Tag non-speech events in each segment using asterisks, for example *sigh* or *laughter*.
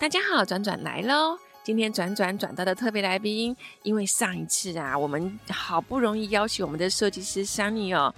大家好，轉轉來嘍，今天轉轉轉到的特別來賓，因為上一次啊，我們好不容易邀請我們的設計師 Sunny 哦、喔，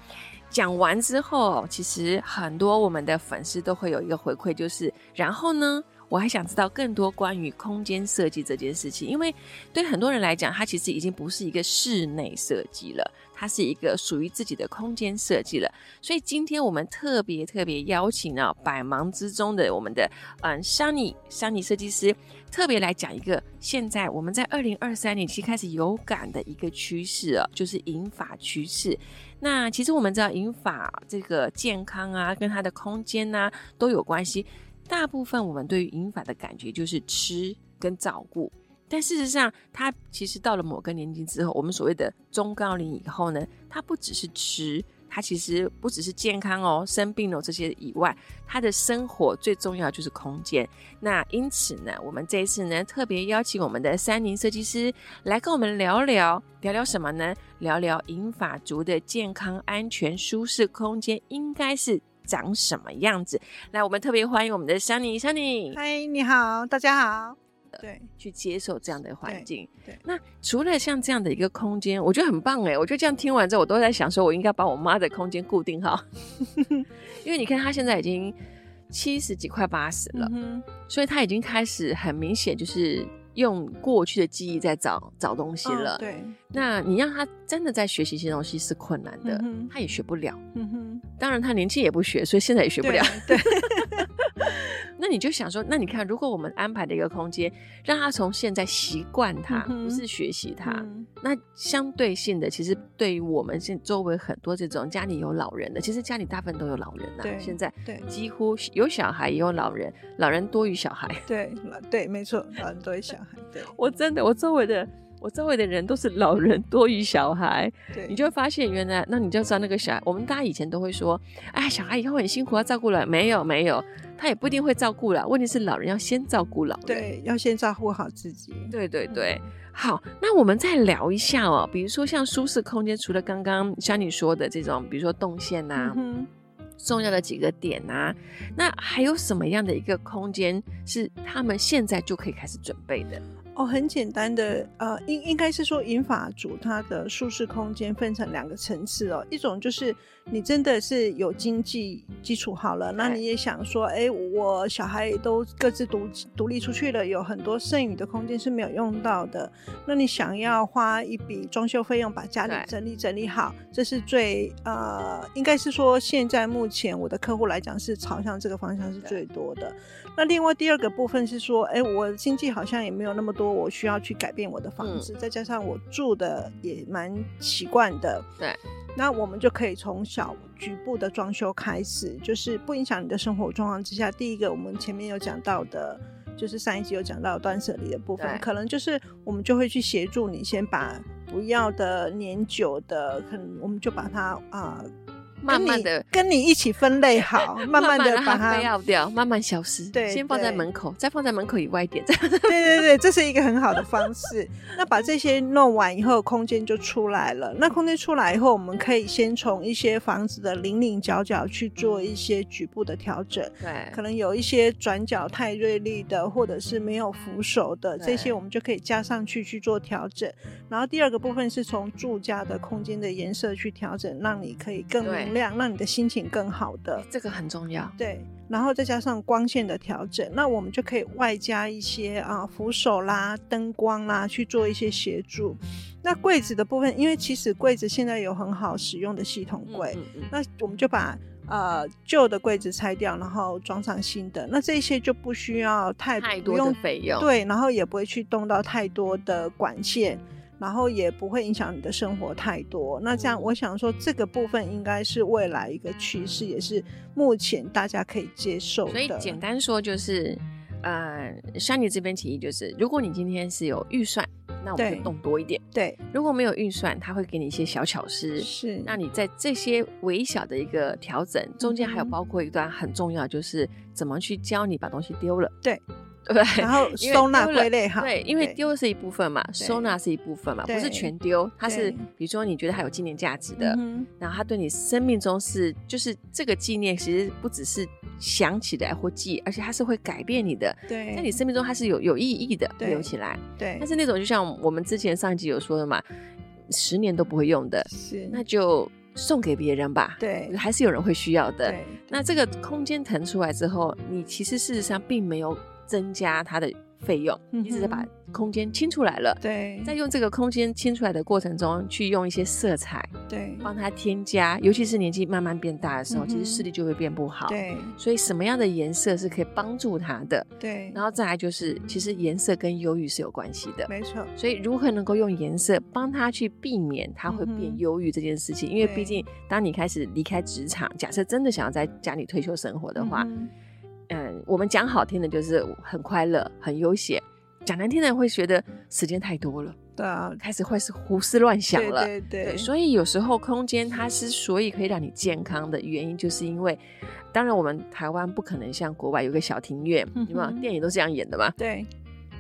講完之後，其實很多我們的粉絲都會有一個回饋，就是然後呢。我還想知道更多關於空間設計這件事情，因為對很多人來講，它其實已經不是一個室內設計了，它是一個屬於自己的空間設計了。所以今天我們特別特別邀請啊，百忙之中的我們的嗯 Sunny Sunny 設計師，特別來講一個現在我們在二零二三年其實開始有感的一個趨勢啊，就是銀髮趨勢。那其實我們知道銀髮這個健康啊，跟它的空間吶啊都有關係。大部分我們對於銀髮的感覺就是吃跟照顧，但事實上，它其實到了某個年紀之後，我們所謂的中高齡以後呢，它不只是吃，它其實不只是健康哦，生病哦這些以外，它的生活最重要就是空間。那因此呢，我們這一次呢，特別邀請我們的三菱設計師來跟我們聊聊，聊聊什麼呢？聊聊銀髮族的健康、安全、舒適空間，應該是。長什麼樣子？來，我們特別歡迎我們的 Shani，Shani。嗨，你好，大家好。呃、對，去接受這樣的環境，對。對，那除了像這樣的一個空間，我覺得很棒哎、欸。我覺得這樣聽完之後，我都在想說，我應該把我媽的空間固定好， *laughs* *laughs* 因為你看她現在已經七十幾，快八十了，嗯、哼所以她已經開始很明顯就是。用過去的記憶在找找東西了，哦、對。那你讓他真的在學習一些東西是困難的，嗯、哼他也學不了。嗯哼，當然他年輕也不學，所以現在也學不了。對。對 *laughs* 那你就想說，那你看，如果我們安排的一個空間，讓他從現在習慣他，嗯、哼不是學習他，嗯、那相對性的，其實對於我們現周圍很多這種家裡有老人的，其實家裡大部分都有老人吶、啊。對現在對，幾乎有小孩也有老人，老人多於小孩。對，對，沒錯，老人多於小孩。對我真的，我周圍的我周圍的人都是老人多於小孩。對，你就會發現原來，那你就知道那個小孩，我們大家以前都會說，哎，小孩以後很辛苦要照顧了，沒有沒有。他也不一定會照顧了。問題是，老人要先照顧老人，對，要先照顧好自己。對對對，好，那我們再聊一下哦。比如說，像舒適空間，除了剛剛像你說的這種，比如說動線啊，嗯，重要的幾個點啊，那還有什麼樣的一個空間是他們現在就可以開始準備的？哦，很簡單的，呃，應應該是說，銀髮族它的舒適空間分成兩個層次哦。一種就是你真的是有經濟基礎好了，對那你也想說，哎、欸，我小孩都各自獨獨立出去了，有很多剩餘的空間是沒有用到的，那你想要花一筆裝修費用把家裡整理整理好，對這是最呃，應該是說現在目前我的客戶來講是朝向這個方向是最多的。對那另外第二個部分是說，哎、欸，我經濟好像也沒有那麼多。我需要去改變我的房子，嗯、再加上我住的也蠻習慣的。對，那我們就可以從小局部的裝修開始，就是不影響你的生活狀況之下。第一個，我們前面有講到的，就是上一集有講到斷捨離的部分，對可能就是我們就會去協助你，先把不要的、年久的，可能我們就把它啊。呃跟你慢慢的跟你一起分類好，慢慢的把它要掉， *laughs* 慢慢消失。 *laughs* 慢慢消失對，先放在門口，對對，再放在門口以外一點。對對對， *laughs* 這是一個很好的方式。 *laughs* 那把這些弄完以後，空間就出來了。那空間出來以後，我們可以先從一些房子的稜稜角角去做一些局部的調整。對，可能有一些轉角太銳利的，或者是沒有扶手的，對這些我們就可以加上去去做調整。然後第二個部分是從住家的空間的顏色去調整，讓你可以更美。量讓你的心情更好的，欸、這個很重要。對，然後再加上光線的調整，那我們就可以外加一些啊、呃、扶手啦、燈光啦去做一些協助。那櫃子的部分，因為其實櫃子現在有很好使用的系統櫃，嗯嗯嗯，那我們就把呃舊的櫃子拆掉，然後裝上新的。那這些就不需要太多的費用，用。對，然後也不會去動到太多的管線。然後也不會影響你的生活太多。那這樣，我想說，這個部分應該是未來一個趨勢，也是目前大家可以接受的。所以簡單說就是，呃，像你這邊提議就是，如果你今天是有預算，那我們就動多一點。對，對。如果沒有預算，他會給你一些小巧思，是。那你在這些微小的一個調整中間，還有包括一段很重要，就是怎麼去教你把東西丟了。對。對，然後收納歸類哈，對，因為丟是一部分嘛，收納是一部分嘛，不是全丟，它是比如說你覺得還有紀念價值的，然後它對你生命中是就是這個紀念，其實不只是想起的或記，而且它是會改變你的。對，在你生命中它是有有意義的，留起來。對，但是那種就像我們之前上集有說的嘛，十年都不會用的，是，那就送給別人吧。對，還是有人會需要的。對，那這個空間騰出來之後，你其實事實上並沒有。增加它的費用，你只是把空間清出來了。對、嗯哼，在用這個空間清出來的過程中，對去用一些色彩，對，幫它添加。尤其是年紀慢慢變大的時候，嗯、哼其實視力就會變不好。對，所以什麼樣的顏色是可以幫助它的？對，然後再來就是，其實顏色跟憂鬱是有關係的。沒錯錯，所以如何能夠用顏色幫它去避免它會變憂鬱這件事情？嗯、哼因為畢竟當你開始離開職場，假設真的想要在家裡退休生活的話。嗯嗯，我們講好聽的就是很快樂、很悠閒；講難聽的人會覺得時間太多了。對啊，開始會是胡思亂想了。對對，對，對。所以有時候空間它之所以可以讓你健康的原因，就是因為，當然我們台灣不可能像國外有個小庭院，你知道嗎？電影都這樣演的嘛，對。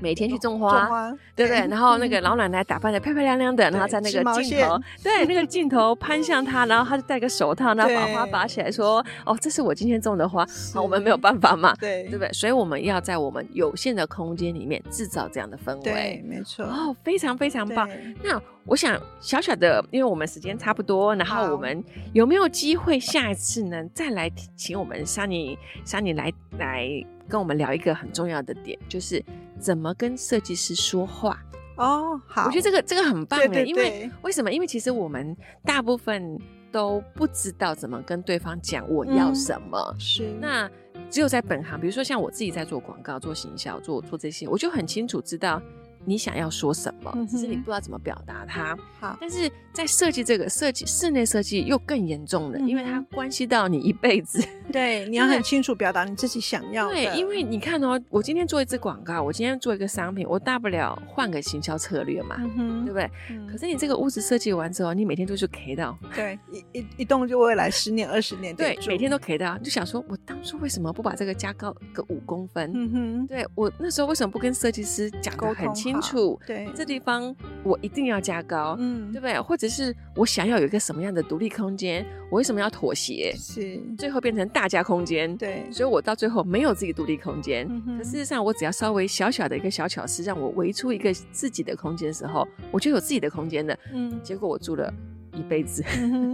每天去種花，對不對？然後那個老奶奶打扮得漂漂亮亮的，然後在那個鏡頭，對，那個鏡頭攀向她，然後她就戴個手套，然後把花拔起來，說：“哦，這是我今天種的花。”好，我們沒有辦法嘛，對，對不對？所以我們要在我們有限的空間裡面製造這樣的氛圍，沒錯。哦，非常非常棒。那我想小小的，因為我們時間差不多，然後我們有沒有機會下一次呢？再來請我們桑妮、桑妮來來跟我們聊一個很重要的點，就是。怎麼跟設計師說話？哦，oh, 好，我覺得這個這個很棒誒。對對對。因為為什麼？因為其實我們大部分都不知道怎麼跟對方講我要什麼。嗯，是，那只有在本行，比如說像我自己在做廣告、做行銷、做做這些，我就很清楚知道。你想要說什麼？只是你不知道怎麼表達它。好，但是在設計這個設計室內設計又更嚴重了，因為它關係到你一輩子。對，你要很清楚表達你自己想要。對，因為你看哦，我今天做一支廣告，我今天做一個商品，我大不了換個行銷策略嘛，對不對？可是你這個屋子設計完之後，你每天都是卡到。對，一一一動，就未來十年、二十年。對，每天都卡到。你就想說，我當初為什麼不把這個加高個五公分？嗯哼，對，我那時候為什麼不跟設計師講的很清？清楚，對，這地方我一定要加高，嗯，對不對？或者是我想要有一個什麼樣的獨立空間？我為什麼要妥協？是最後變成大家空間，對，所以我到最後沒有自己獨立空間。嗯、哼可事實上，我只要稍微小小的一個小巧思，讓我圍出一個自己的空間的時候，我就有自己的空間了。嗯，結果我住了一輩子，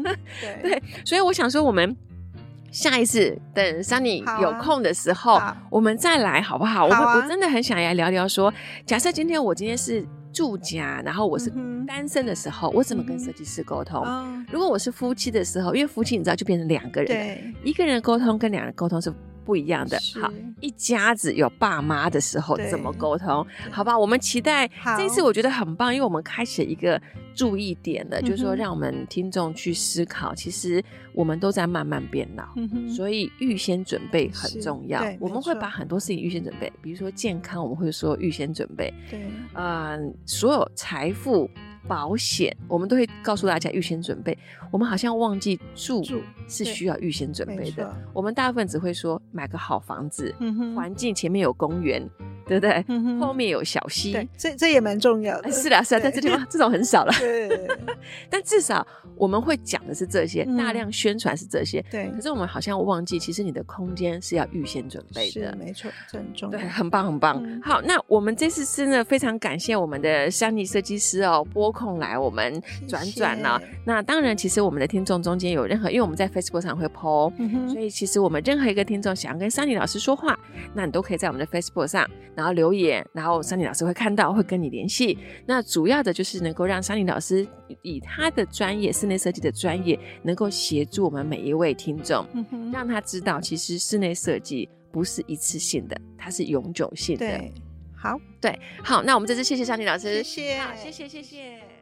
*laughs* 對，對，所以我想說我們。下一次等 Sunny 有空的時候，啊、我們再來好不好？好啊、我們我真的很想要聊聊說，假設今天我今天是住家，然後我是單身的時候，嗯、哼我怎麼跟設計師溝通？嗯、哼如果我是夫妻的時候，因為夫妻你知道就變成兩個人，對，一個人溝通跟兩個人溝通是。不一樣的是好，一家子有爸媽的時候怎麼溝通？對好吧，我們期待好這一次我覺得很棒，因為我們開始一個注意點了，嗯、哼就是說讓我們聽眾去思考，其實我們都在慢慢變老，嗯、哼所以預先準備很重要。我們會把很多事情預先準備，比如說健康，我們會說預先準備，對，嗯、呃，所有財富。保險，我們都會告訴大家預先準備。我們好像忘記住是需要預先準備的。我們大部分只會說買個好房子，嗯哼，環境前面有公園，對不對？後面有小溪，對，這這也蠻重要的。是的，是啦，在這地方這種很少了。對，但至少我們會講的是這些，大量宣傳是這些。對，可是我們好像忘記，其實你的空間是要預先準備的，沒錯，這很重要。對，很棒，很棒。好，那我們這次真的非常感謝我們的 Sunny 設計師哦，撥空來我們轉轉哦。那當然，其實我們的聽眾中間有任何，因為我們在 Facebook 上會 PO，所以其實我們任何一個聽眾想要跟 Sunny 老師說話，那你都可以在我們的 Facebook 上。然後留言，然後珊妮老師會看到，會跟你聯繫。那主要的就是能夠讓珊妮老師以他的專業，室內設計的專業，能夠協助我們每一位聽眾，嗯、哼讓他知道，其實室內設計不是一次性的，它是永久性的。對，好，對，好，那我們這次謝謝珊妮老師謝謝，謝謝，謝謝，謝謝。